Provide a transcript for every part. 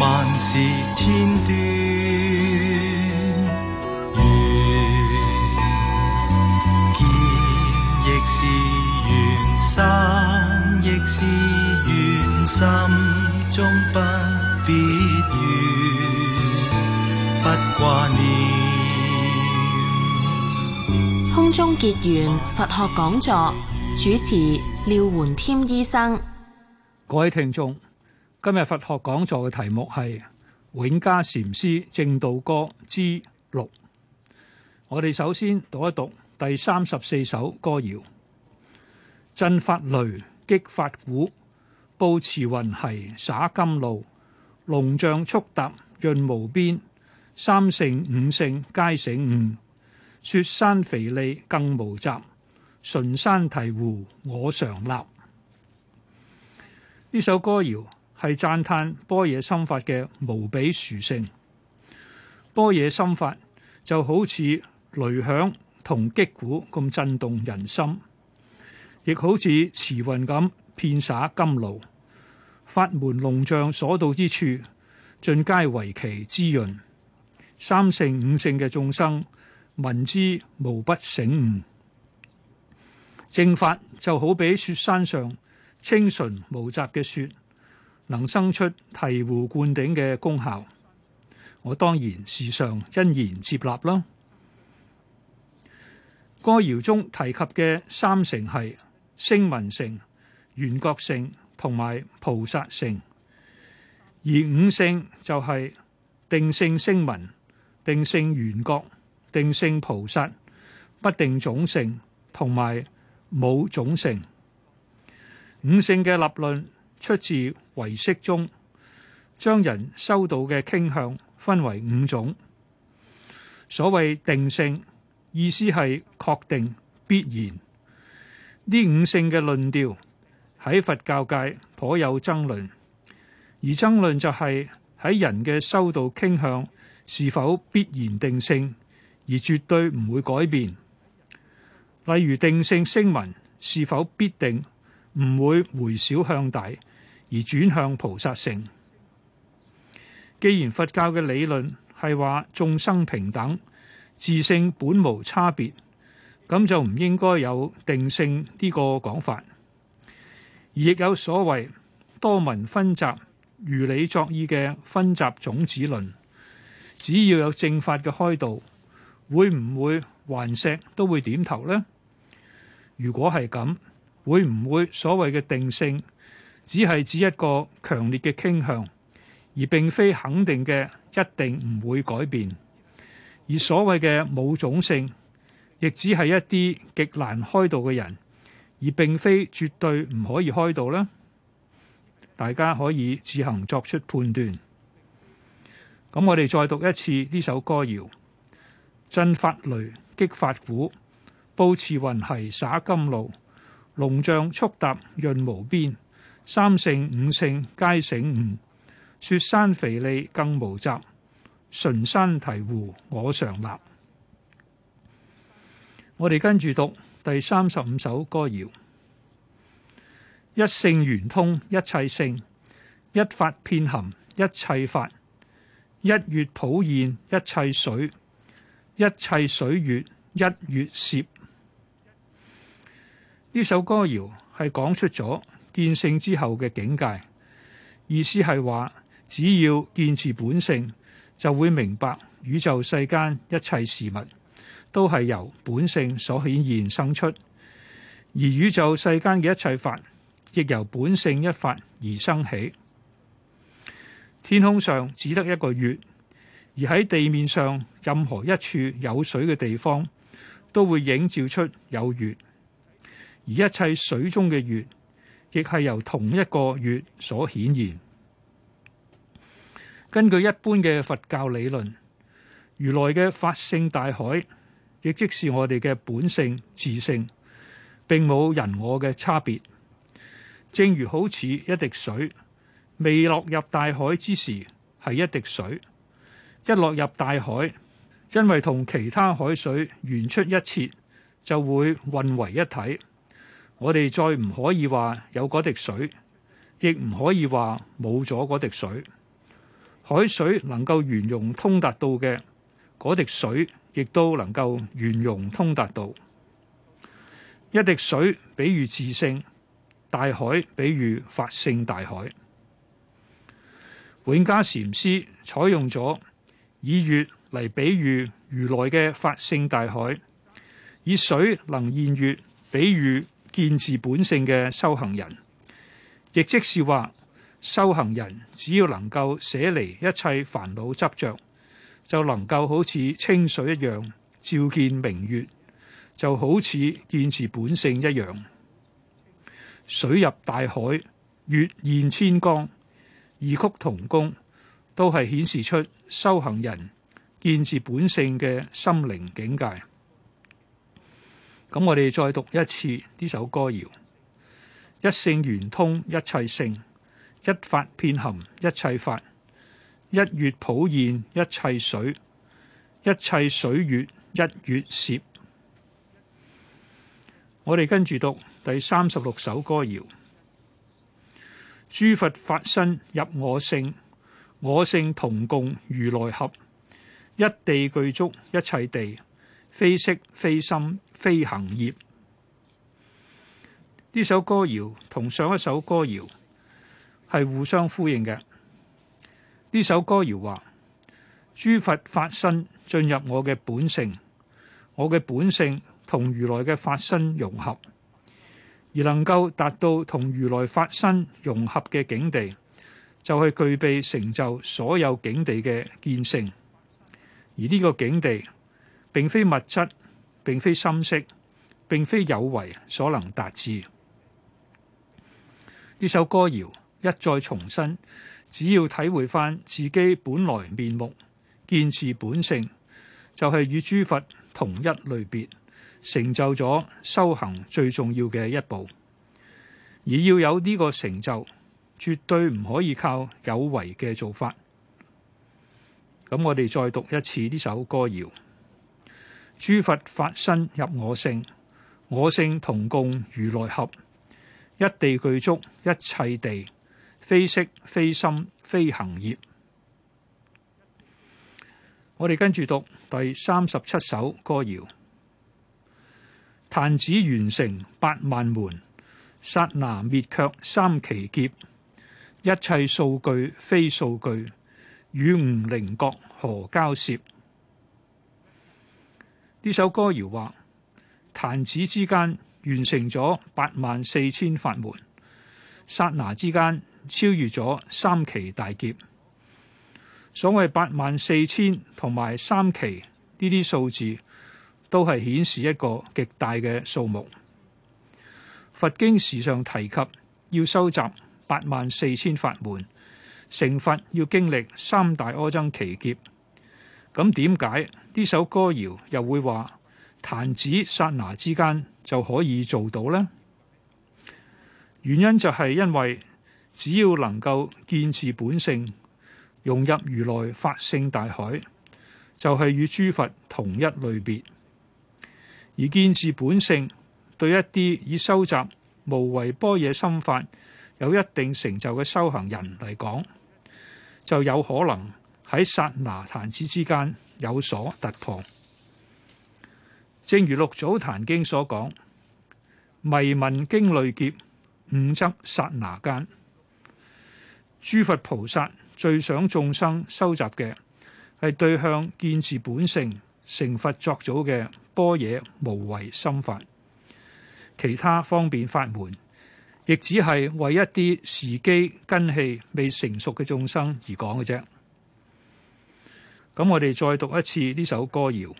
萬事千端緣，見亦是緣，生亦是緣，心中不必怨，不掛念。空中結緣佛學講座主持廖垣添醫生，各位聽眾。今日佛學講座嘅題目係《永嘉禪師證道歌》之六，我哋首先讀一讀第三十四首歌謠：震法雷，擊法鼓，布慈雲，兮灑甘露，龍象速達，潤無邊，三乘五性皆醒悟，雪山肥膩更無雜，純山醍醐，我常立。呢首歌謠。係讚歎般若心法嘅無比殊勝。般若心法就好似雷響同擊鼓咁震動人心，亦好似慈雲咁遍灑甘露。法門龍象所到之處，盡皆為其滋潤。三性五性嘅眾生聞之，無不醒悟。正法就好比雪山上清純無雜嘅雪。能生出醍醐灌頂嘅功效，我當然時常欣然接納啦。歌謠中提及嘅三性係聲聞性、圓覺性同埋菩薩性，而五性就係定性聲聞、定性圓覺、定性菩薩、不定種性同埋冇種性。五性嘅立論出自唯識中，將人修道嘅傾向分為五種。所謂定性，意思係確定必然。呢五性嘅論調喺佛教界頗有爭論，而爭論就係、係、喺人嘅修道傾向是否必然定性，而絕對唔會改變。例如定性聲聞是否必定唔會回小向大？而轉向菩薩性。既然佛教嘅理論係話眾生平等，自性本無差別，咁就唔應該有定性呢個講法。而亦有所謂多聞熏習如理作意嘅熏習種子論，只要有正法嘅開導，會唔會頑石都會點頭呢？如果係咁，會唔會所謂嘅定性？只係指一個強烈嘅傾向，而並非肯定嘅一定唔會改變。而所謂嘅冇種性，亦只係一啲極難開導嘅人，而並非絕對唔可以開導啦。大家可以自行作出判斷。咁我哋再讀一次呢首歌謠：震法雷，擊法鼓，布慈雲兮灑甘露，龍象蹴踏，潤無邊。三性五性皆醒悟，雪山肥膩更無雜，純山醍醐我常立。我哋跟住讀第三十五首歌謠：一性圓通一切性，一法遍含一切法，一月普現一切水，一切水月一月攝。呢首歌謠係講出咗。見性之後嘅境界，意思係話，只要堅持本性，就會明白宇宙世間一切事物都係由本性所顯現生出，而宇宙世間嘅一切法亦由本性一發而生起。天空上只得一個月，而喺地面上任何一處有水嘅地方，都會映照出有月，而一切水中嘅月。亦係由同一個月所顯現。根據一般嘅佛教理論，如來嘅法性大海，亦即是我哋嘅本性自性，並冇人我嘅差別。正如好似一滴水，未落入大海之時係一滴水，一落入大海，因為同其他海水源出一轍，就會混為一體。我哋再唔可以話有嗰滴水，亦唔可以話冇咗嗰滴水。海水能夠圓融通達到嘅嗰滴水，亦都能夠圓融通達到。一滴水比喻自性，大海比喻法性大海。永嘉禪師採用咗以月嚟比喻如來嘅法性大海，以水能現月，比喻。見自本性嘅修行人，亦即是話修行人只要能夠捨離一切煩惱執着，就能夠好似清水一樣照見明月，就好似見自本性一樣。水入大海，月現千江，異曲同工，都係顯示出修行人見自本性嘅心靈境界。咁我哋再讀一次呢首歌謠：一性圓通一切性，一法遍含一切法，一月普現一切水，一切水月一月攝。我哋跟住讀第三十六首歌謠：諸佛法身入我性，我性同共如來合。一地具足一切地，非色非心。飛行業呢首歌謠同上一首歌謠係互相呼應嘅。呢首歌謠話：諸佛法身進入我嘅本性，我嘅本性同如來嘅法身融合，而能夠達到同如來法身融合嘅境地，就係具備成就所有境地嘅見性。而呢個境地，並非物質。並非心色，並非有為所能達至。呢首歌謠一再重申，只要體會翻自己本來面目，見持本性，就係與諸佛同一類別，成就咗修行最重要嘅一步。而要有呢個成就，絕對唔可以靠有為嘅做法。咁我哋再讀一次呢首歌謠。諸佛法身入我性，我性同共如來合。一地具足一切地，非色非心非行業。我哋跟住讀第三十七首歌謠。彈指圓成八萬門，刹那滅卻三祇劫。一切數句非數句，與吾靈覺何交涉？呢首歌謠話，彈指之間完成咗八萬四千法門，剎那之間超越咗三期大劫。所謂八萬四千同埋三期呢啲數字，都係顯示一個極大嘅數目。佛經時常提及要收集八萬四千法門，成佛要經歷三大阿僧祇劫。咁點解？呢首歌謠又會話彈指剎那之間就可以做到呢？原因就係因為只要能夠見自本性，融入如來法性大海，就係、是、與諸佛同一類別。而見自本性對一啲已收集無為般若心法有一定成就嘅修行人嚟講，就有可能喺剎那彈指之間。有所突破，正如六祖壇經所講：迷聞經累劫，悟則刹那間。諸佛菩薩最想眾生收集嘅，係對向見持本性、成佛作祖嘅般若無為心法。其他方便法門，亦只係為一啲時機根器未成熟嘅眾生而講嘅啫。咁我哋再讀一次呢首歌謠，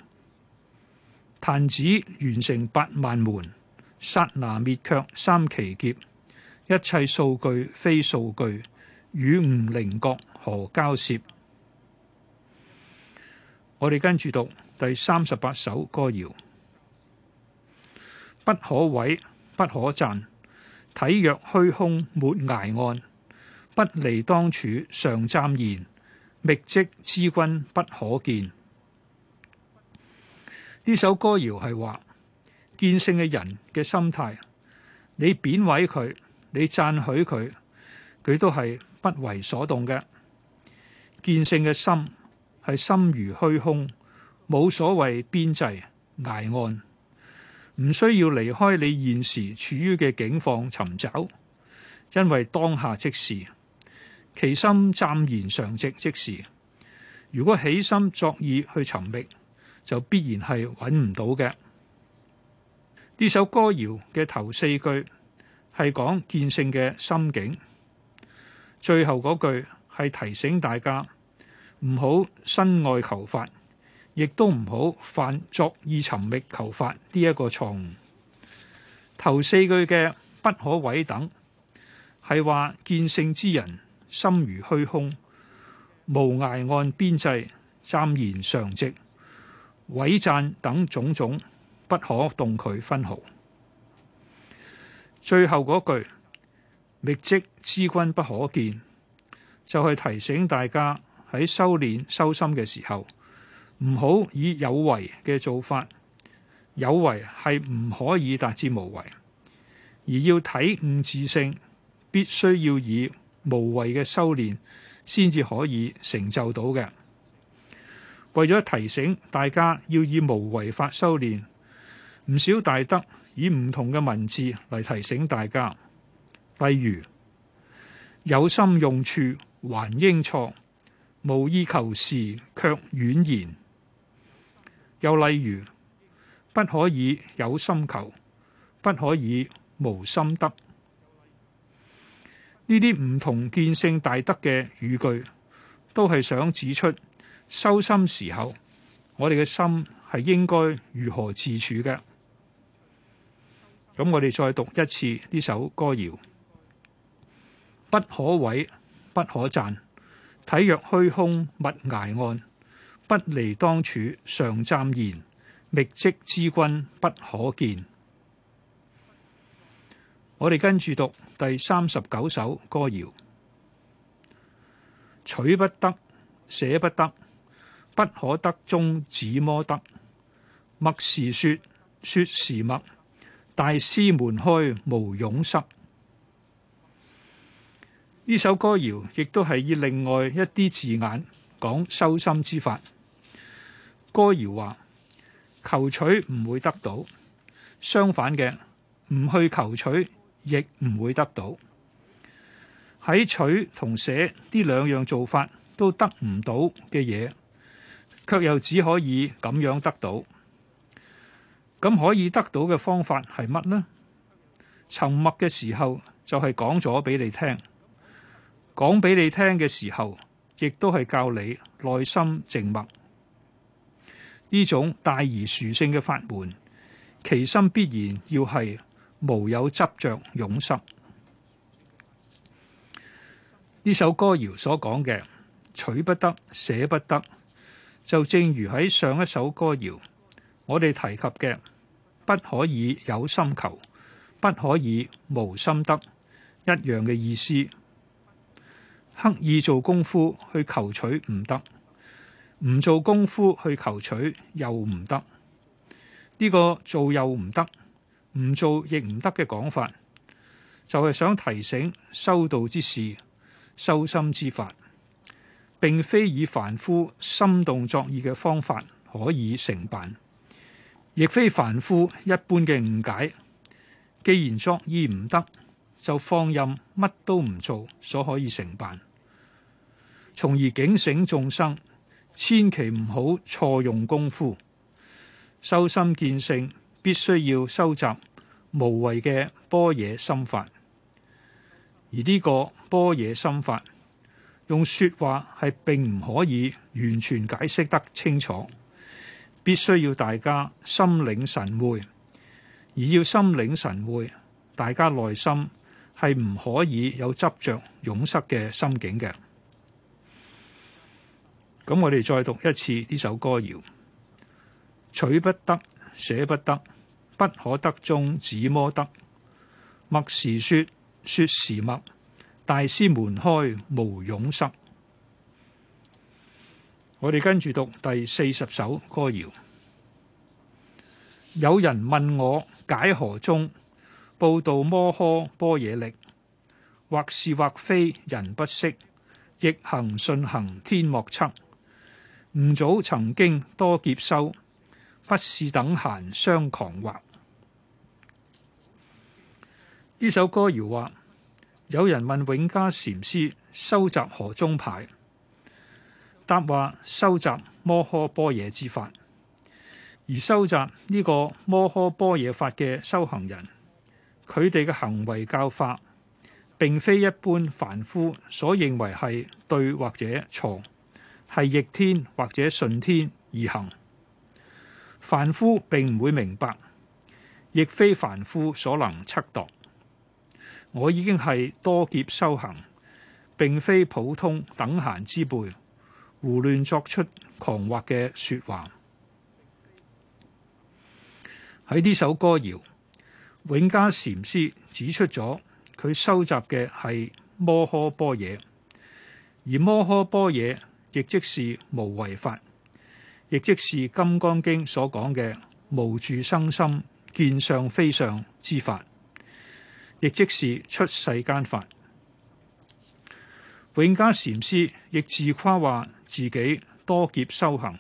彈指完成八萬門，剎那滅卻三奇劫。一切數據非數據，與吾靈覺何交涉？我哋跟住讀第三十八首歌謠，不可毀，不可讚，體若虛空沒崖岸，不離當處常湛然。沾」覓迹之君不可見，呢首歌謠係話：見性嘅人嘅心態，你貶毀佢，你讚許佢，佢都係不為所動嘅。見性嘅心係心如虛空，冇所謂邊際崖岸，唔需要離開你現時處於嘅境況尋找，因為當下即是。其心暫然常寂，即時，如果起心作意去尋覓，就必然係揾唔到嘅。呢首歌謠嘅頭四句係講見性嘅心境，最後嗰句係提醒大家唔好身外求法，亦都唔好犯作意尋覓求法呢一個錯誤。頭四句嘅不可毀等係話見性之人。心如虛空，無涯岸邊際，湛然常寂，毀讚等種種不可動佢分毫。最後嗰句，覓即知君不可見，就係提醒大家喺修煉修心嘅時候，唔好以有為嘅做法，有為係唔可以達至無為，而要體悟自性，必須要以。無為嘅修煉先至可以成就到嘅。為咗提醒大家要以無為法修煉，唔少大德以唔同嘅文字嚟提醒大家。例如有心用處還應錯，無意求時卻遠言。又例如不可以有心求，不可以無心得。呢啲唔同見性大德嘅語句，都係想指出修心時候，我哋嘅心係應該如何自處嘅。咁我哋再讀一次呢首歌謠： 不可毀，不可讚，體若虛空勿涯岸，不離當處常湛然，覓即知君不可見。我哋跟住讀第三十九首歌謠，取不得，捨不得，不可得中只麼得，默時說，說時默，大施門開無壅塞。」呢首歌謠亦都係以另外一啲字眼講修心之法。歌謠話求取唔會得到，相反嘅唔去求取。亦唔會得到。喺取同捨呢兩樣做法都得唔到嘅嘢，卻又只可以咁樣得到。咁可以得到嘅方法係乜呢？沉默嘅時候就係講咗俾你聽，講俾你聽嘅時候，亦都係教你內心靜默。呢種大而殊勝嘅法門，其心必然要係。無有執着勇失。呢首歌謠所講嘅取不得捨不得，就正如喺上一首歌謠我哋提及嘅，不可以有心求，不可以無心得，一樣嘅意思。刻意做功夫去求取唔得，唔做功夫去求取又唔得，呢、這個做又唔得，唔做亦唔得嘅講法，就係想提醒修道之士、修心之法，並非以凡夫心動作意嘅方法可以成辦，亦非凡夫一般嘅誤解。既然作意唔得，就放任乜都唔做，所可以成辦，從而警醒眾生，千祈唔好錯用功夫。修心見性，必須要修習。無為嘅般若心法，而呢個般若心法用説話係並唔可以完全解釋得清楚，必須要大家心領神會。而要心領神會，大家內心係唔可以有執着、擁塞嘅心境嘅。咁我哋再讀一次呢首歌謠，取不得，捨不得。不可得中只摩得，默時說，說時默，大師門開無壅塞。我哋跟住讀第四十首歌謠。有人問我解何中，報道摩訶般若力，或是或非人不識，逆行順行天莫測。吾祖曾經多劫修，不是等閒相狂惑。呢首歌謠話，有人問永嘉禪師收集何宗派？答話收集摩訶般若之法。而收集呢個摩訶般若法嘅修行人，佢哋嘅行為教法，並非一般凡夫所認為係對或者錯，係逆天或者順天而行。凡夫並唔會明白，亦非凡夫所能測度。我已經係多劫修行，並非普通等閒之輩，胡亂作出狂惑嘅説話。喺呢首歌謠，永嘉禪師指出咗佢收集嘅係摩訶般若，而摩訶般若亦即是無為法，亦即是《金剛經》所講嘅無住生心、見相非相之法。亦即是出世間法，永嘉禪師亦自誇話自己多劫修行，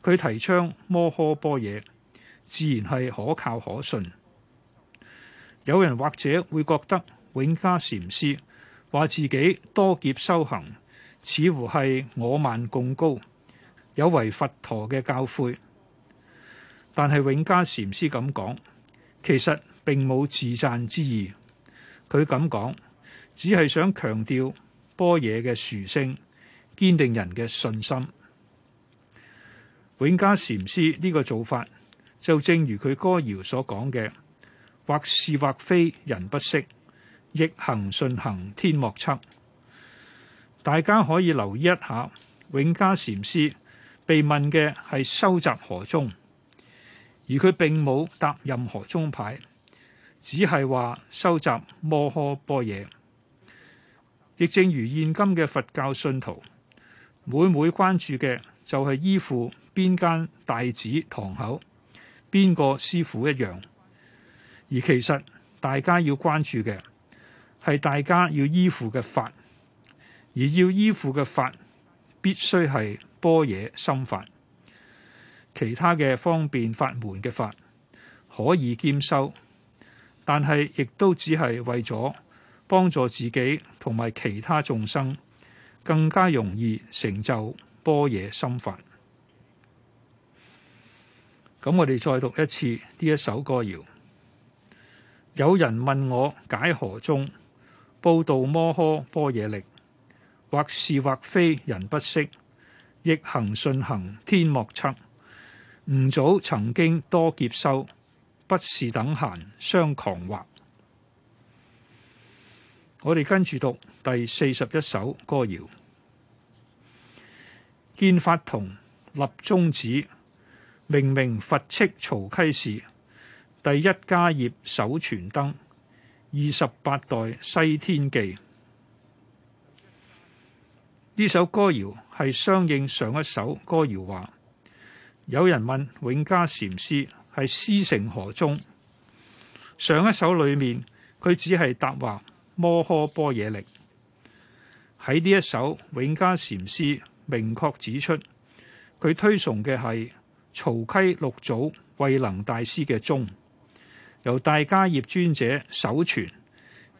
佢提倡摩訶般若，自然係可靠可信。有人或者會覺得永嘉禪師話自己多劫修行，似乎係我慢共高，有違佛陀嘅教誨。但係永嘉禪師咁講，其實，並冇自讚之意，佢咁講只係想強調般若嘅殊勝，堅定人嘅信心。永嘉禪師呢個做法就正如佢歌謠所講嘅，或是或非人不識，逆行順行天莫測。大家可以留意一下，永嘉禪師被問嘅係收集何宗，而佢並冇答任何宗派。只係話收集摩訶般若，亦正如現今嘅佛教信徒每每關注嘅就係依附邊間大寺堂口、邊個師傅一樣。而其實大家要關注嘅係大家要依附嘅法，而要依附嘅法必須係般若心法，其他嘅方便法門嘅法可以兼修。但係，亦都只係為咗幫助自己同埋其他眾生更加容易成就般若心法。咁我哋再讀一次呢一首歌謠。有人問我解何宗？報道摩訶般若力，或是或非人不識，逆行順行天莫測。吾早曾經多劫修。不是等閒相狂惑。我哋跟住讀第四十一首歌謠建法同立宗旨，明明佛跡曹溪氏。第一家業首傳燈，二十八代西天記。呢首歌謠係相應上一首歌謠話，有人問永嘉禪師。係師成河中。上一首裏面佢只係答話摩訶波耶力。喺呢一首永嘉禪師明確指出，佢推崇嘅係曹溪六祖慧能大師嘅宗，由大家業尊者首傳，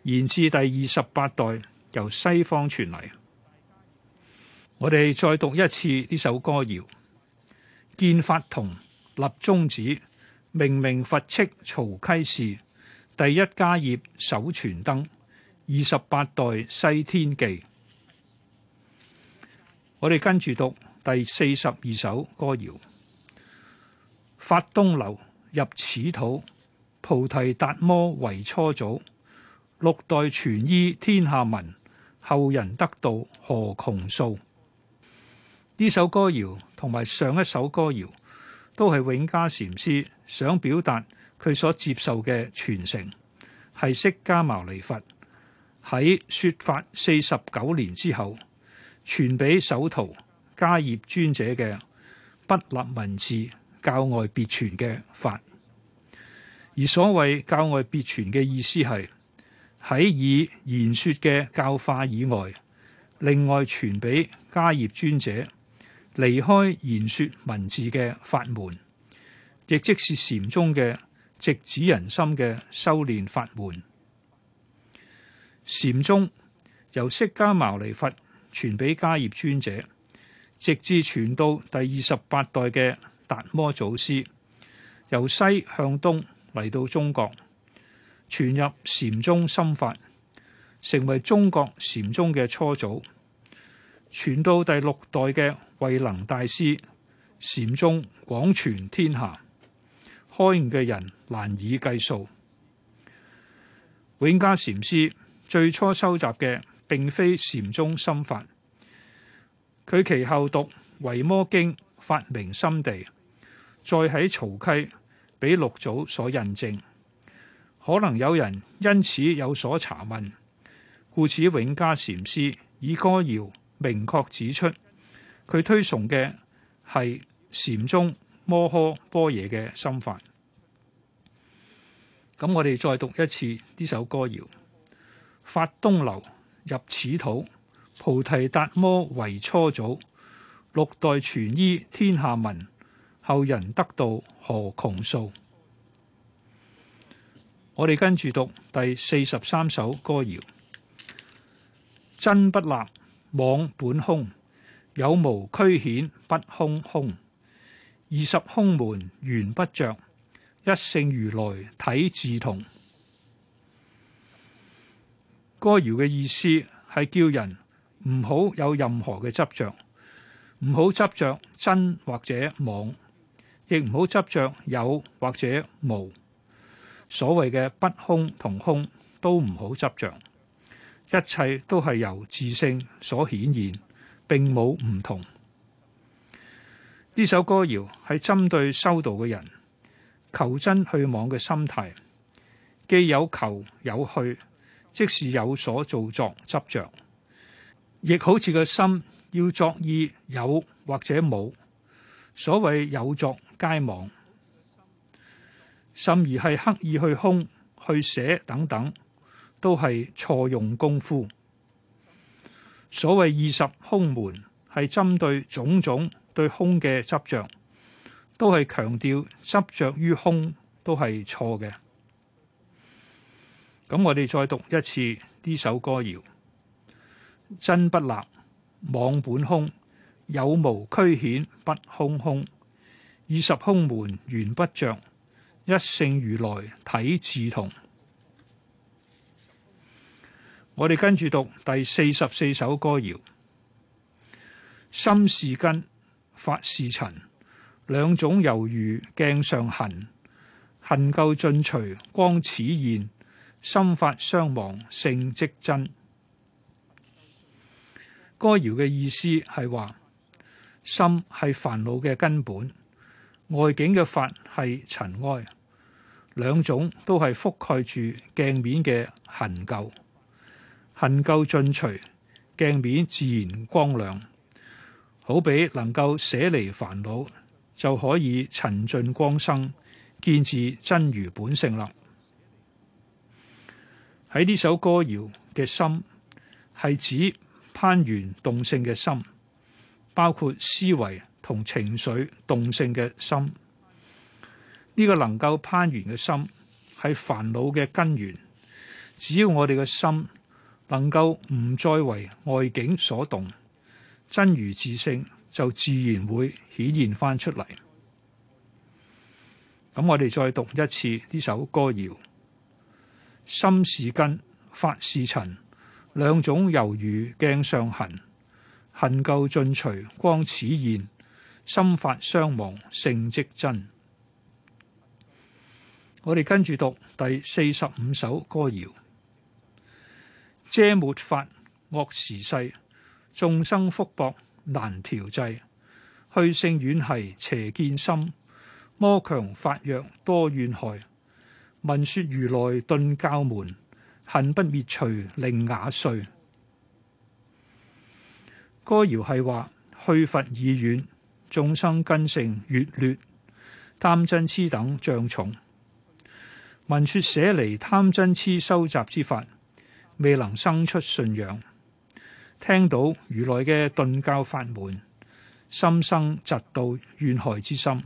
延至第二十八代，由西方傳嚟。我哋再讀一次呢首歌謠：見法同立宗旨。」明明佛敕曹溪是，第一迦葉首傳燈，二十八代西天記。我哋跟住讀第四十二首歌謠：法東流入此土，菩提達摩為初祖，六代傳衣天下聞，後人得道何窮數？呢首歌謠同埋上一首歌謠，都係永嘉禪師想表達佢所接受嘅傳承，係釋迦牟尼佛喺說法四十九年之後，傳俾首徒迦葉尊者嘅不立文字、教外別傳嘅法。而所謂教外別傳嘅意思係喺以言説嘅教化以外，另外傳俾迦葉尊者。離開言說文字嘅法門，亦即是禪宗嘅直指人心嘅修練法門。禪宗由釋迦牟尼佛傳俾迦葉尊者，直至傳到第二十八代嘅達摩祖師，由西向東嚟到中國，傳入禪宗心法，成為中國禪宗嘅初祖。傳到第六代嘅慧能大師，禪宗廣傳天下，開悟嘅人難以計數。永嘉禪師最初收集嘅並非禪宗心法，佢其後讀《維摩經》，發明心地，再喺曹溪俾六祖所印證。可能有人因此有所查問，故此永嘉禪師以歌謠。明確指出，佢推崇嘅係禪宗摩訶般若嘅心法。咁我哋再讀一次呢首歌謠：法東流入此土，菩提達摩為初祖，六代傳衣天下聞，後人得道何窮數？我哋跟住讀第四十三首歌謠：真不立。妄本空，有無俱遣不空空，二十空門元不着，一性如來體自同。歌謠嘅意思係叫人唔好有任何嘅執着，唔好執着真或者妄，亦唔好執着有或者無。所謂嘅不空同空都唔好執着。一切都係由自性所顯現，並冇唔同。呢首歌謠係針對修道嘅人求真去妄嘅心態，既有求有去，即是有所造作執着，亦好似個心要作意有或者冇。所謂有作皆妄，甚而係刻意去空去捨等等。都係錯用功夫。所謂二十空門，係針對種種對空嘅執着，都係強調執着於空都係錯嘅。咁我哋再讀一次呢首歌謠：真不立，妄本空，有無俱遣不空空，二十空門原不着，一性如來體自同。我哋跟住讀第四十四首歌謠。心是根，法是塵，兩種猶如鏡上痕，痕垢盡除光始現。心法相忘，性即真。歌謠嘅意思係話，心係煩惱嘅根本，外境嘅法係塵埃，兩種都係覆蓋住鏡面嘅痕垢。恨夠盡除，鏡面自然光亮，好比能夠捨離煩惱，就可以塵盡光生，見至真如本性啦。喺呢首歌謠嘅心，係指攀緣動性嘅心，包括思維同情緒動性嘅心。呢、這個能夠攀緣嘅心，係煩惱嘅根源。只要我哋嘅心，能夠唔再為外境所動，真如自性就自然會顯現翻出嚟。咁我哋再讀一次呢首歌謠：心是根，法是塵，兩種猶如鏡上痕。痕垢盡除，光始現；心法相忘，性即真。我哋跟住讀第四十五首歌謠。遮末法惡時世，眾生福薄難調制，去聖遠係邪見深，魔強法弱多怨害。聞說如來頓教門，恨不滅除令瓦碎。歌謠係話去佛已遠，眾生根性越劣，貪嗔癡等障重。聞說捨離貪嗔癡收集之法。未能生出信仰，聽到如來嘅頓教法門，心生嫉妒怨害之心，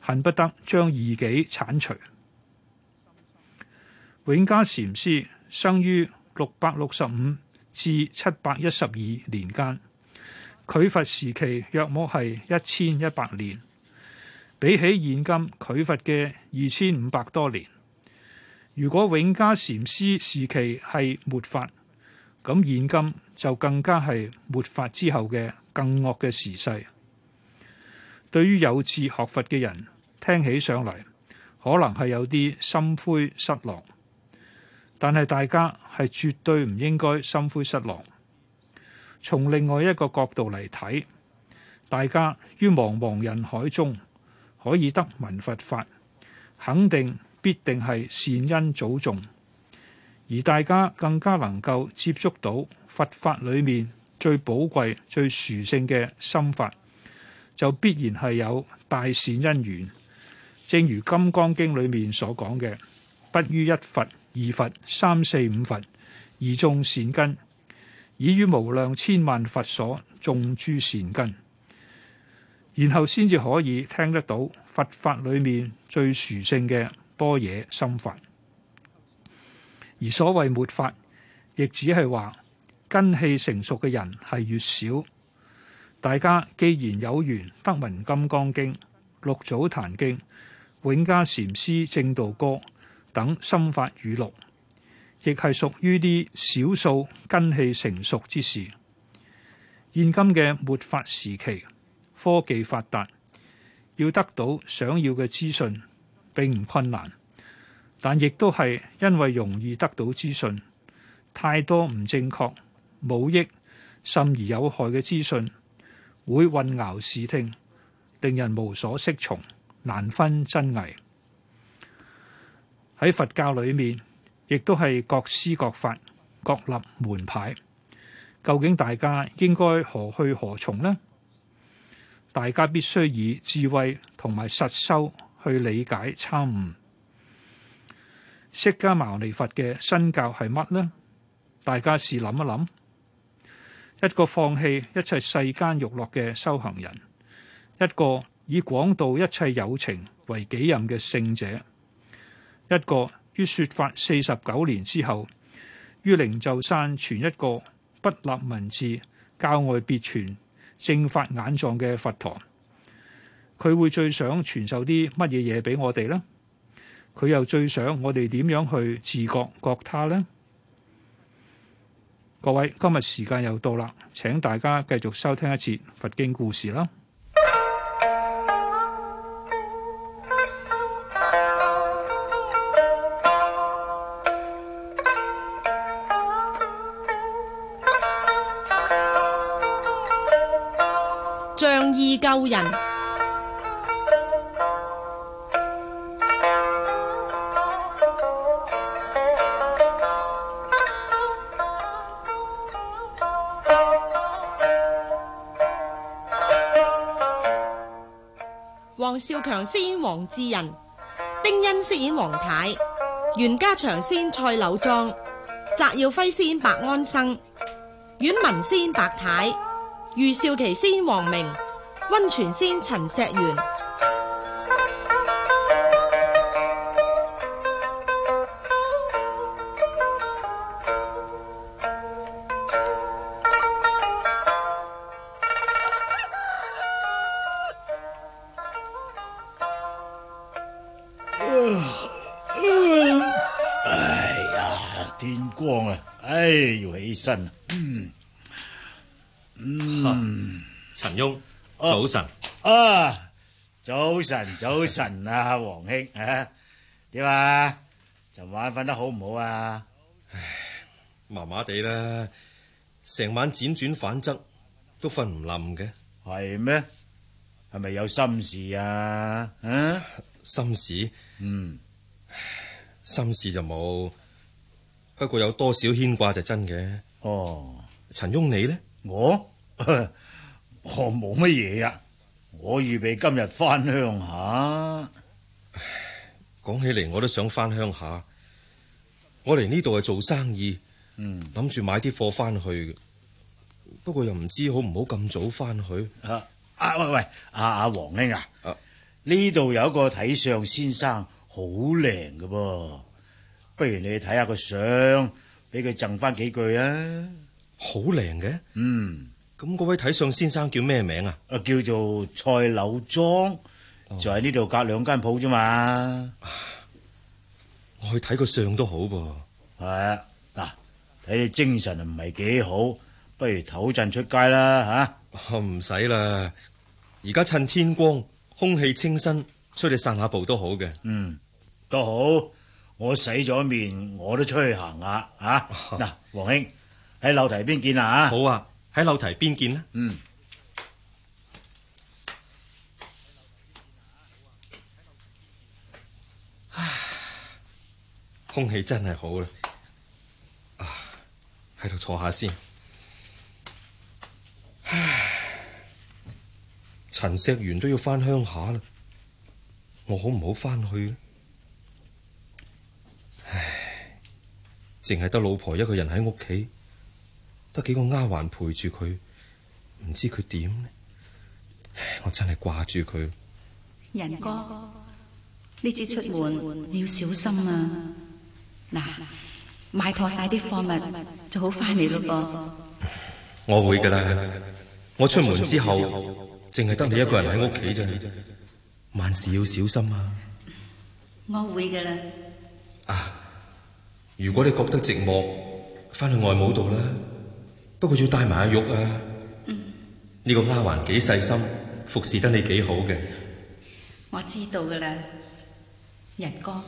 恨不得將異己剷除。永嘉禪師生於六百六十五至七百一十二年間，距佛時期約莫係一千一百年，比起現今距佛嘅二千五百多年。如果永嘉禪師時期係末法，咁現今就更加係末法之後嘅更惡嘅時勢。對於有志學佛嘅人，聽起上嚟可能係有啲心灰失落，但係大家係絕對唔應該心灰失落。從另外一個角度嚟睇，大家於茫茫人海中可以得聞佛法，肯定。必定係善因早種，而大家更加能夠接觸到佛法裏面最寶貴、最殊勝嘅心法，就必然係有大善因緣。正如《金剛經》裏面所講嘅，不於一佛、二佛、三四五佛而種善根，已於無量千萬佛所種諸善根，然後先至可以聽得到佛法裏面最殊勝嘅般若心法，而所謂末法，亦只係話根氣成熟嘅人係越少。大家既然有緣得聞《金剛經》《六祖壇經》《永嘉禪師證道歌》等心法語錄，亦係屬於啲少數根氣成熟之時。現今嘅末法時期，科技發達，要得到想要嘅資訊。並唔困難，但亦都係因為容易得到資訊，太多唔正確、冇益，甚而有害嘅資訊，會混淆視聽，令人無所適從，難分真偽。喺佛教裏面，亦都係各施各法，各立門牌。究竟大家應該何去何從呢？大家必須以智慧同埋實修。去理解參悟釋迦牟尼佛嘅身教係乜呢？大家試諗一諗，一個放棄一切世間欲樂嘅修行人，一個以廣度一切有情為己任嘅聖者，一個於說法四十九年之後，於靈鷲山傳一個不立文字、教外別傳正法眼藏嘅佛陀。佢會最想傳授啲乜嘢嘢俾我哋呢？佢又最想我哋點樣去自覺覺他呢？各位，今日時間又到啦，請大家繼續收聽一次《佛經故事》啦。仗義救人。少強飾演王志仁，丁恩飾演王太，袁家祥先蔡柳莊，翟耀輝先白安生，阮文先白太，余少琪飾演王明，溫泉飾演陳石元。早晨啊，早晨早晨啊，黃兄啊，點啊？尋晚瞓得好唔好啊？唉，麻麻地啦，成晚輾轉反側，都瞓唔冧嘅。係咩？係咪有心事啊？啊，心事？嗯，心事就冇，不過有多少牽掛就真嘅。哦，陳翁你呢？我。我冇乜嘢啊！我預備今日翻鄉下。唉，講起嚟我都想翻鄉下。我嚟呢度係做生意，嗯，諗住買啲貨翻去。不過又唔知好唔好咁早翻去。吓、啊！阿、啊、喂喂，阿阿黃兄啊，呢度、啊、有一個睇相先生，好靚㗎噃。不如你去睇下個相，俾佢贈翻幾句啊！好靚嘅，嗯。咁嗰位睇相先生叫咩名啊？啊，叫做蔡柳莊，就喺呢度隔兩間鋪啫嘛。我去睇個相都好噃。係啊，嗱，睇你精神唔係幾好，不如唞陣出街啦吓。唔使啦，而家趁天光，空氣清新，出去散下步都好嘅。嗯，都好，我洗咗面，我都出去行下吓。嗱，黃兄喺柳堤邊見啦吓。好啊。喺樓梯邊見啦。嗯。唉，空氣真係好啦。啊，喺度坐下先。唉、啊，陳石元都要返鄉下啦。我好唔好返去咧？唉、啊，淨係得老婆一個人喺屋企。得幾個丫鬟陪住佢，唔知佢點呢？我真係掛住佢。人哥，呢次出門你要小心啊！嗱，賣妥晒啲貨物就好，翻嚟咯噃。我會噶啦，我出門之後淨係得你一個人喺屋企啫，萬事要小心啊！我會噶啦。啊，如果你覺得寂寞，翻去外母度啦。不過要帶埋阿玉啊！嗯，呢個丫鬟幾細心，服侍得你幾好嘅。我知道噶啦。仁哥，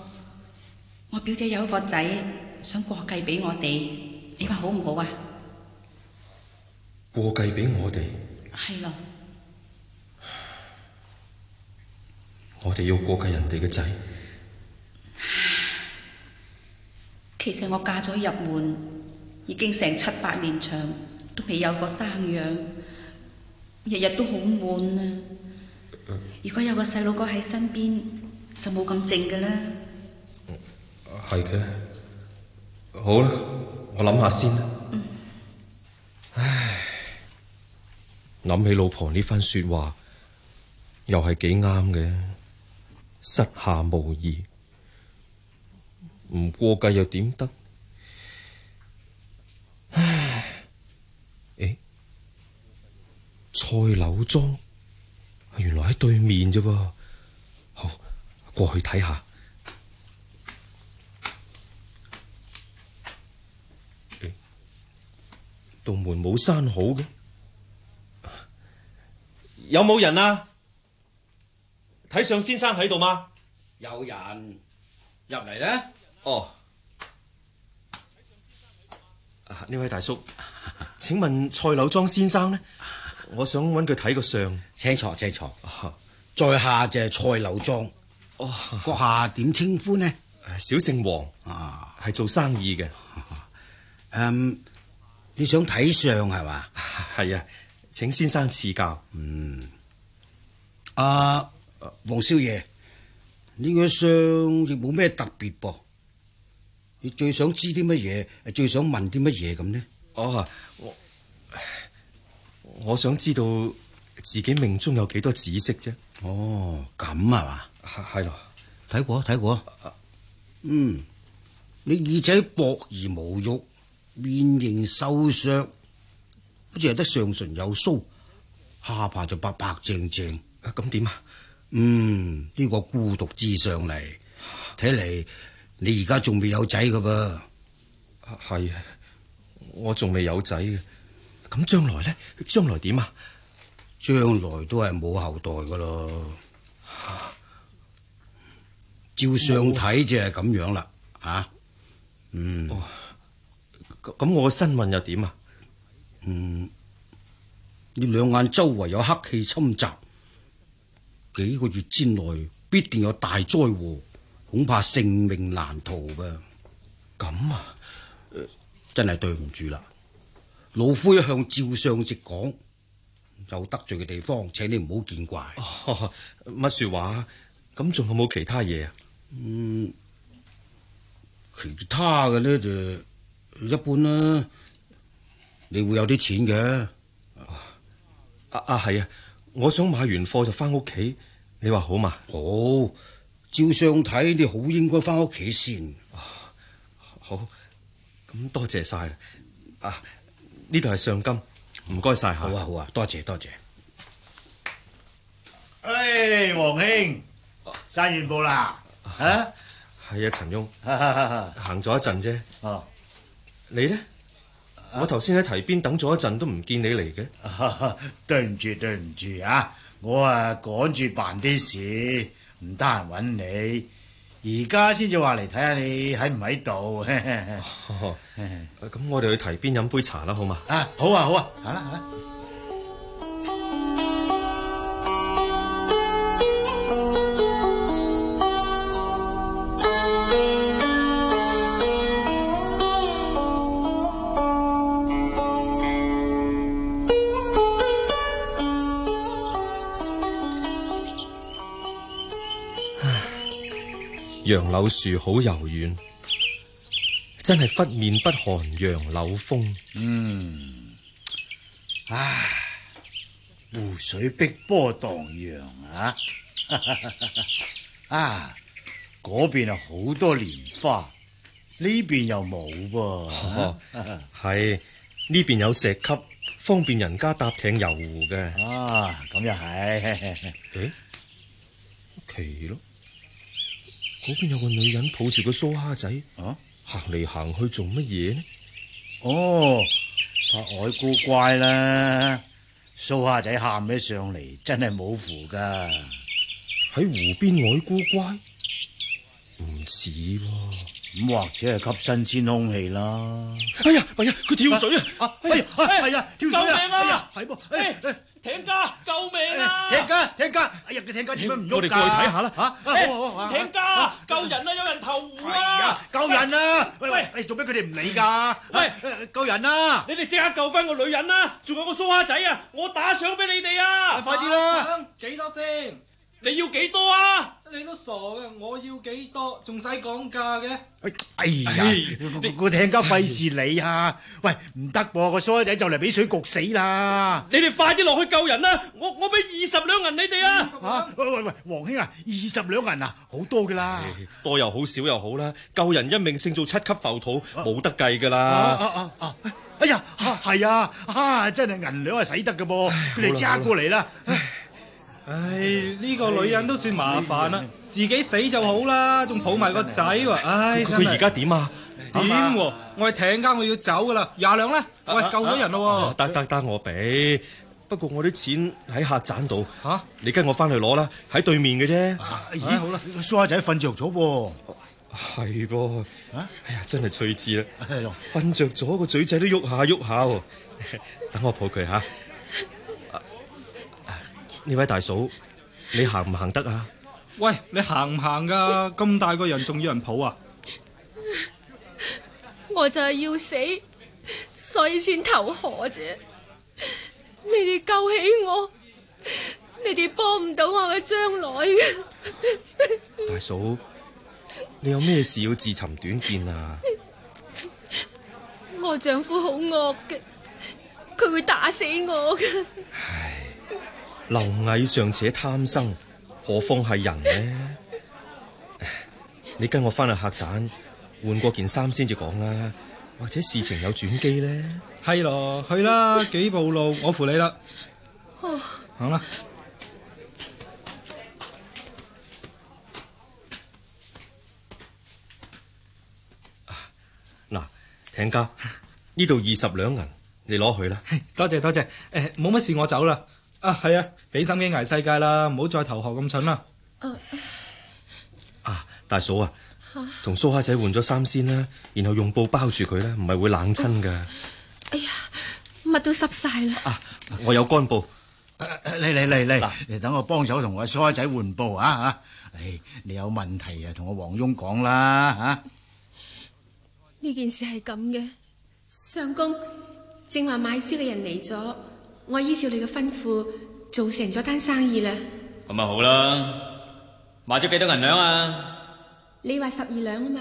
我表姐有一個仔，想過繼俾我哋，你話好唔好啊？過繼俾我哋？係咯的，我哋要過繼人哋嘅仔。其實我嫁咗入門。已經成七八年長，都未有過生養，日日都好悶啊！呃、如果有個細佬哥喺身邊，就冇咁靜㗎啦。係嘅，好啦，我諗下先啦。嗯、唉，諗起老婆呢番說話，又係幾啱嘅，失下無疑，唔過計又點得？唉，誒，蔡柳莊原來喺對面啫噃，好過去睇下。誒，道門冇閂好嘅，有冇人啊？睇上先生喺度嗎？有人入嚟咧。呢哦。呢位大叔，請問蔡柳莊先生呢？我想揾佢睇個相。請坐，請坐。 在下就係蔡柳莊，閣下點稱呼呢？小姓王，係做生意嘅。嗯、 um，你想睇相係嘛？係 啊，請先生賜教。 嗯，阿黃、啊、少爺，呢、這個相亦冇咩特別噃。你最想知啲乜嘢？最想問啲乜嘢咁呢？哦，我，我想知道自己命中有幾多紫色啫。哦，咁啊嘛，係咯，睇過睇過。過，嗯，你耳仔薄而無肉，面型瘦削，好似係得上唇有鬚，下巴就白白淨淨。咁點啊？樣樣，嗯，呢、這個孤獨之上嚟，睇嚟。你而家仲未有仔噶噃？係啊，我仲未有仔嘅。咁將來呢？將來點啊？將來都係冇後代噶咯。照相睇就係咁樣啦。我啊，嗯。咁、哦、我嘅身運又點啊？嗯，你兩眼周圍有黑氣侵襲，幾個月之內必定有大災禍。恐怕性命難逃噃。咁啊，呃、真係對唔住啦！老夫一向照相直講，有得罪嘅地方，請你唔好見怪。哦、乜說話？咁仲有冇其他嘢啊？嗯，其他嘅呢就一般啦。你會有啲錢嘅？啊啊係啊！我想買完貨就翻屋企，你話好嘛？好。照相睇，你好應該翻屋企先。好，咁多謝晒。啊，呢度係上金，唔該晒。好啊，好啊，多謝多謝。哎，hey, 黃兄，散、啊、完步啦？啊，係啊，陳翁，行咗 一陣啫。哦、啊，你呢？我頭先喺堤邊等咗一陣，都唔見你嚟嘅、啊。 對唔住，對唔住啊！我啊趕住辦啲事。唔得閒揾你，而家先至話嚟睇下你喺唔喺度。咁、 哦、我哋去堤邊飲杯茶啦，好嘛？啊，好啊，好啊，行啦行啦。楊柳樹好柔軟，真係忽面不寒楊柳風。嗯，唉、啊，湖水碧波蕩漾啊！ 啊，嗰邊啊好多蓮花，呢邊又冇噃、啊。係呢邊有石級，方便人家搭艇游湖嘅。啊，咁又係。誒、 哎，奇咯！嗰邊有個女人抱住個蘇蝦仔，行嚟行去，做乜嘢呢？哦，拍外姑乖啦，蘇蝦仔喊起上嚟，真係冇符噶，喺湖邊外姑乖，唔似喎。咁或者係吸新鮮空氣啦。哎呀，哎呀，佢跳水啊！啊，係啊，跳水啊！救命啊！係啵，誒艇家，救命啊！艇家，艇家，哎呀，佢艇家點解唔喐噶？我哋過去睇下啦，吓，好好好，艇家，救人啊！有人投湖啊！救人啊！喂喂，做咩佢哋唔理噶？救人啊！你哋即刻救翻個女人啊！仲有個蘇蝦仔啊！我打賞俾你哋啊！快啲啦！幾多先？你要幾多啊？你都傻噶我要幾多？仲使講價嘅？哎呀，個聽家費事你啊！喂，唔得噃，個衰仔就嚟俾水焗死啦！你哋快啲落去救人啦！我我俾二十兩銀你哋啊！吓，喂喂喂，黃兄啊，二十兩銀啊，好多噶啦，多又好，少又好啦！救人一命勝造七級浮屠，冇得計噶啦！哎呀，係啊，啊真係銀兩係使得噶噃，你哋揸過嚟啦。唉，呢個女人都算麻煩啦，自己死就好啦，仲抱埋個仔喎，唉！佢而家點啊？點？我係艇家，我要走噶啦，廿兩咧，喂，救咗人咯，得得得，我俾，不過我啲錢喺客棧度，吓，你跟我翻去攞啦，喺對面嘅啫。咦，好啦，蘇蝦仔瞓着咗喎，係噃，哎呀，真係趣智啦，瞓着咗個嘴仔都喐下喐下喎，等我抱佢吓。呢位大嫂，你行唔行得啊？喂，你行唔行噶、啊？咁大個人仲要人抱啊？我就係要死，所以先投河啫。你哋救起我，你哋幫唔到我嘅將來嘅。 大嫂，你有咩事要自尋短見啊？ 我丈夫好惡嘅，佢會打死我嘅。唉。 劉毅尚且貪生，何況係人呢？你跟我翻去客棧換過件衫先至講啦，或者事情有轉機呢？係咯，去啦，幾步路，我扶你啦。唉行啦吧。嗱，店家，呢度唉二十兩銀，你攞去啦。多謝多謝，誒，冇乜事，我走啦。啊，係啊，俾心機捱世界啦，唔好再投降咁蠢啦！啊，啊，大嫂啊，同蘇蝦仔換咗衫先啦，然後用布包住佢啦，唔係會冷親噶，啊。哎呀，乜都濕晒啦！啊，我有乾布，嚟嚟嚟嚟，等來我幫手同我蘇蝦仔換布啊！哎，你有問題啊，同我黃庸講啦！吓、啊，呢件事係咁嘅，相公正話買書嘅人嚟咗。我依照你嘅吩咐做成咗單生意啦，咁咪好啦，買咗幾多銀兩啊？你話十二兩啊嘛？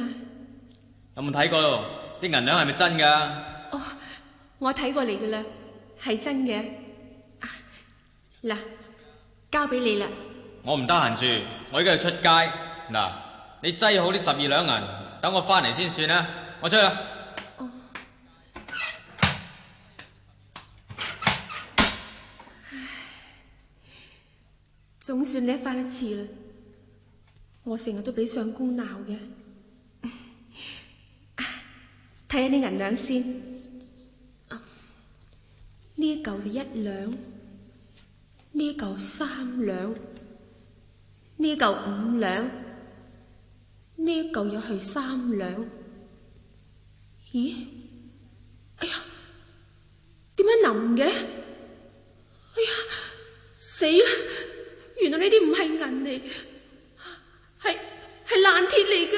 有冇睇過？啲銀兩係咪真噶？哦，我睇過你噶啦，係真嘅。嗱，交俾你啦。我唔得閒住，我而家要出街。嗱，你擠好啲十二兩銀，等我翻嚟先算啦。我出去啦。總算叻翻一次啦！我成日都俾相公鬧嘅，睇下啲銀兩先。呢嚿就一兩，呢嚿三兩，呢嚿五兩，呢嚿又係三兩。咦？哎呀，點解腍嘅？哎呀，死啦！原來呢啲唔係銀嚟，係係爛鐵嚟噶。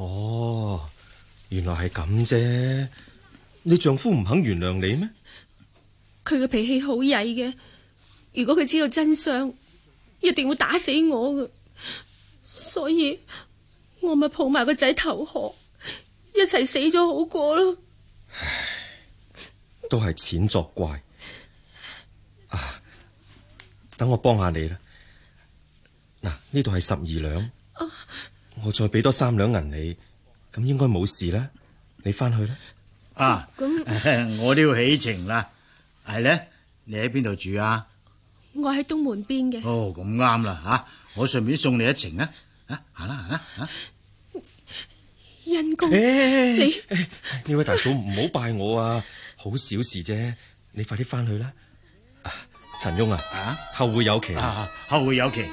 哦，原來係咁啫。你丈夫唔肯原諒你咩？佢嘅脾氣好曳嘅。如果佢知道真相，一定會打死我噶。所以，我咪抱埋個仔投河，一齊死咗好過咯。唉，都係錢作怪。等我幫下你啦！嗱，呢度係十二兩，我再俾多三兩銀你，咁應該冇事啦。你翻去啦！啊，咁我都要起程啦。係咧，你喺邊度住啊？我喺東門邊嘅。哦，咁啱啦吓，我順便送你一程啊！啊，行啦行啦吓，恩公、啊，欸，你呢位大嫂唔好拜我啊，好小事啫，你快啲翻去啦。陳翁啊，啊，後會有期啊，後會有期。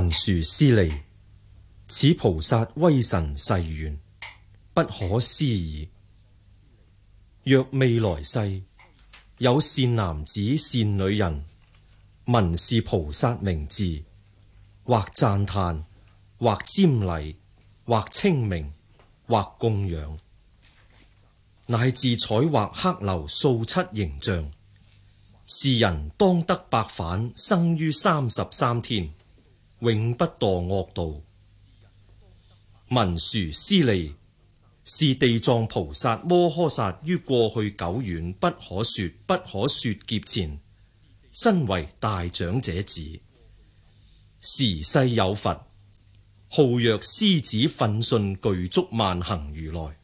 文殊師利，此菩薩威神誓願不可思議。若未來世有善男子、善女人，聞是菩薩名字，或讚歎，或瞻禮，或清明，或供養，乃至彩畫刻鏤塑漆形象，是人當得百返，生於三十三天。永不墮惡道。文殊師利，是地藏菩薩摩訶薩於過去久遠不可說不可說劫前，身為大長者子，時世有佛，號曰獅子奮迅具足萬行如來。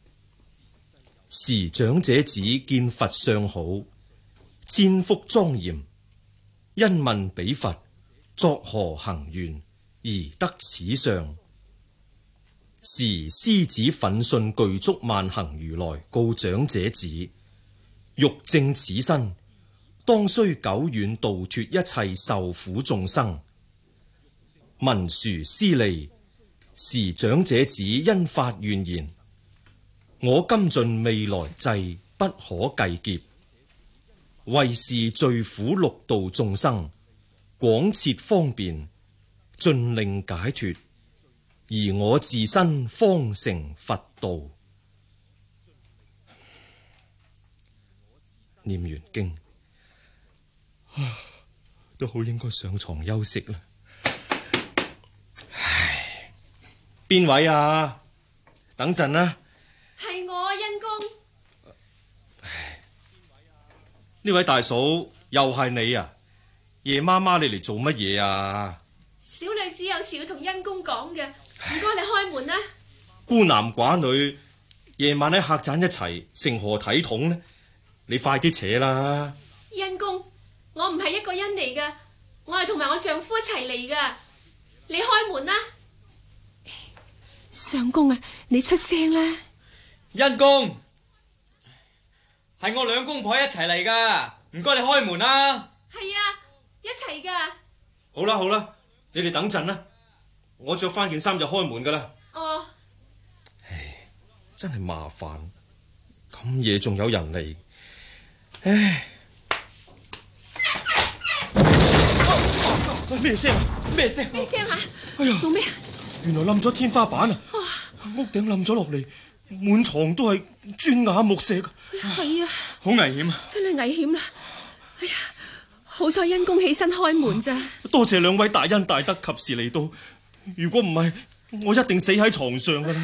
時長者子見佛相好，千福莊嚴，因問彼佛：作何行願？而得此相，時，獅子奮迅具足萬行如來告長者子：欲正此身，當須久遠度脱一切受苦眾生。文殊師利，時長者子因發願言：我今盡未來際不可計劫，為是罪苦六道眾生廣設方便。盡令解脱，而我自身方成佛道。念完經，都好應該上床休息啦。唉，邊位啊？等陣啦。係我啊，恩公。唉，呢位大嫂又係你啊？夜媽媽，你嚟做乜嘢啊？小女子有事要同恩公講嘅，唔該你開門啦。孤男寡女夜晚喺客棧一齊，成何體統呢？你快啲扯啦！恩公，我唔係一個人嚟噶我係同埋我丈夫一齊嚟噶。你開門啦，相公啊，你出聲啦。恩公，係我兩公婆一齊嚟噶唔該你開門啦啊。係啊，一齊噶。好啦，好啦。你哋等陣啦，我着翻件衫就開門噶啦。哦。哦，唉，真係麻煩，咁夜仲有人嚟，唉！咩聲？咩聲？咩聲啊？哎呀，做咩？原來冧咗天花板啊！屋頂冧咗落嚟，滿床都係磚瓦木石。係啊，好危險啊！真係危險啦！哎呀！好彩，恩公起身開門咋、啊？多謝兩位大恩大德及時嚟到，如果唔係，我一定死喺床上噶啦。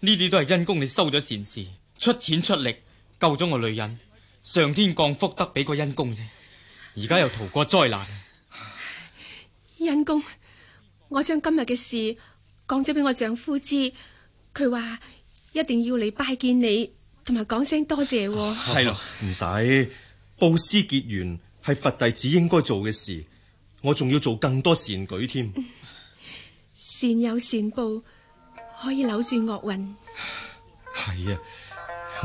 呢啲、哎、都係恩公你收咗善事，出錢出力救咗我女人，上天降福得俾個恩公啫。而家又逃過災難。恩、啊、公，我將今日嘅事講咗俾我丈夫知，佢話一定要嚟拜見你，同埋講聲多謝、啊。係咯、啊，唔使，啊、用布施結緣。係佛弟子應該做嘅事，我仲要做更多善舉添。善有善報，可以扭住惡運。係啊，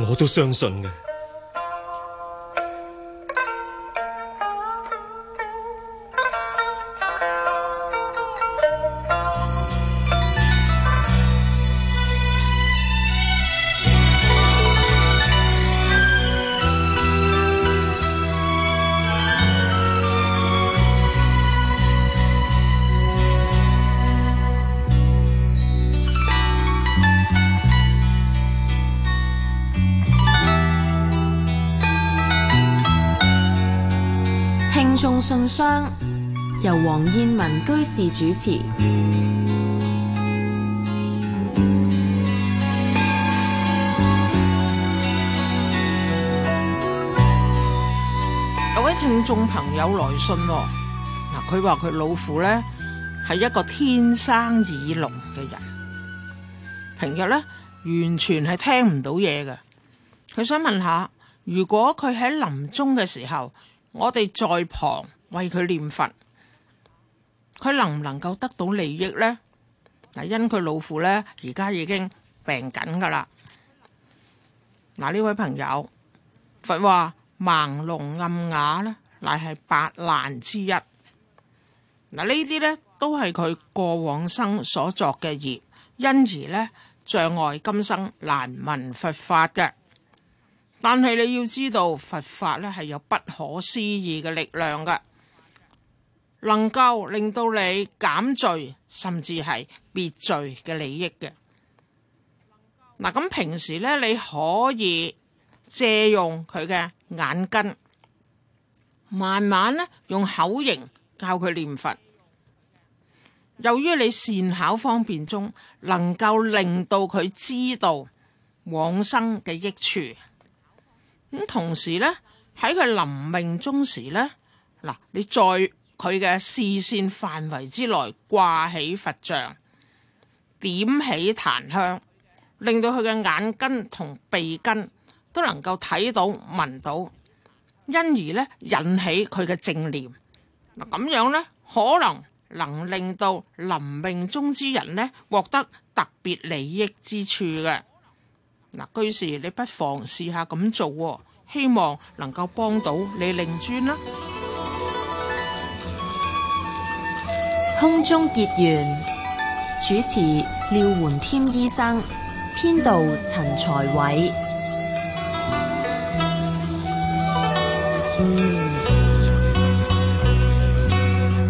我都相信嘅。由黃燕文居士主持。有位聽眾朋友來信，哦，嗱，佢話佢老父呢係一個天生耳聾嘅人，平日呢完全係聽唔到嘢嘅。佢想問下，如果佢喺臨終嘅時候，我哋在旁。為佢念佛，佢能唔能夠得到利益呢？嗱，因佢老父呢，而家已經病緊噶啦。嗱，呢位朋友，佛話盲聾暗啞呢，乃係八難之一。嗱，呢啲呢，都係佢過往生所作嘅業，因而呢，障礙今生難聞佛法嘅。但係你要知道，佛法呢係有不可思議嘅力量㗎。能夠令到你減罪甚至係別罪嘅利益嘅。嗱夠，咁平時咧，你可以借用佢嘅眼根，慢慢咧用口型教佢念佛。由於你善巧方便中，能夠令到佢知道往生嘅益處。咁同時咧，喺佢臨命終時咧，嗱，你再。佢嘅視線範圍之內掛起佛像，點起檀香，令到佢嘅眼根同鼻根都能夠睇到聞到，因而呢，引起佢嘅正念。嗱，咁樣呢，可能能令到臨命中之人臨命終之人呢獲得特別利益之處嘅。嗱，居士，你不妨試下咁做，哦，希望能夠幫到你令尊啦。空中結緣，主持廖垣添醫生，編導陳才偉。